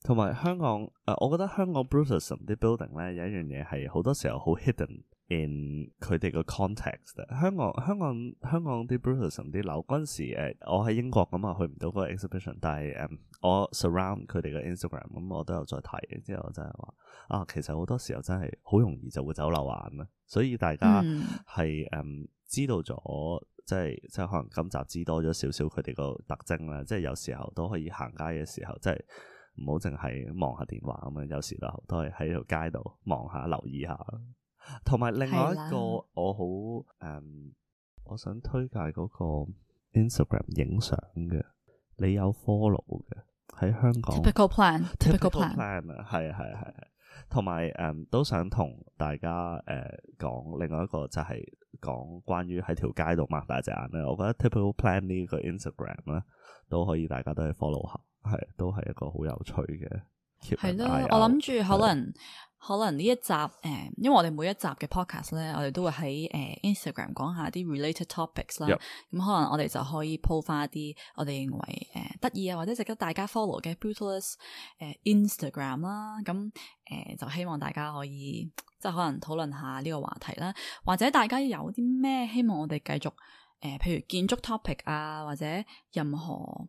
同埋香港誒、呃，我覺得香港 Brutalism 啲 building 咧有一樣嘢係好多時候好 hidden。In 佢哋個 context，香港香港香港啲 Brutalism 同、um, 啲樓，嗰陣時、呃、我喺英國咁啊、嗯，去唔到嗰個 exhibition，但係誒、呃，我 surround 佢哋嘅 Instagram，咁、嗯、我都有再睇，之後我就係話啊，其實好多時候真係好容易就會走漏眼咯，所以大家係誒、嗯嗯、知道咗，即係即係可能今集知多咗少少佢哋個特徵啦，即係有，有時候都可以行街嘅時候，即係唔好淨係望下電話咁樣，有時咧都係喺條街度望下留意下。嗯。同埋另外一個我好誒、嗯，我想推介嗰個 Instagram 影相嘅，你有 follow 嘅喺香港。Typical plan, typical plan 啊，係係係，同埋誒都想同大家誒講、呃、另外一個就係講關於喺條街度擘大隻眼咧，我覺得 typical plan 個呢個 Instagram 咧都可以大家都去 follow 下，係都係一個好有趣嘅。係咯，out, 我諗住可能可能呢一集誒、呃，因為我哋每一集嘅 podcast 咧，我哋都會喺誒、呃、Instagram 講下啲 related topics 啦。咁 Yep.、嗯、可能我哋就可以鋪翻一啲我哋認為誒、呃、得意啊，或者值得大家 follow 嘅 Brutalist 誒、呃、Instagram 啦。咁、嗯、誒、呃、就希望大家可以即係可能討論下呢個話題啦，或者大家有啲咩希望我哋繼續誒、呃，譬如建築 topic 啊，或者任何。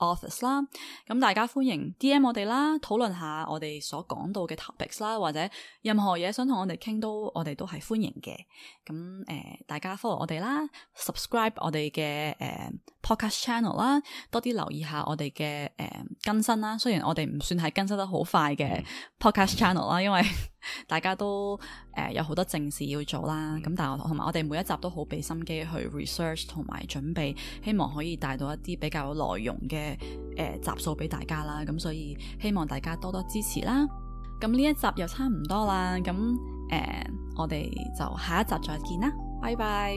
Office 啦，咁大家歡迎 DM 我哋啦，討論下我哋所講到嘅 topics 啦，或者任何嘢想同我哋傾都，我哋都係歡迎嘅。咁誒，大家 follow 我哋啦，subscribe 我哋嘅誒 podcast channel 啦，多啲留意下我哋嘅誒更新啦。雖然我哋唔算係更新得好快嘅 podcast channel 啦，因為。 大家都誒、呃、有好多正事要做啦，咁但係我同埋我哋每一集都好俾心機去 research 同埋準備，希望可以帶到一啲比較有內容嘅誒、呃、集數俾大家啦，咁所以希望大家多多支持啦。咁呢一集又差唔多啦，咁誒、呃、我哋就下一集再見啦，拜拜。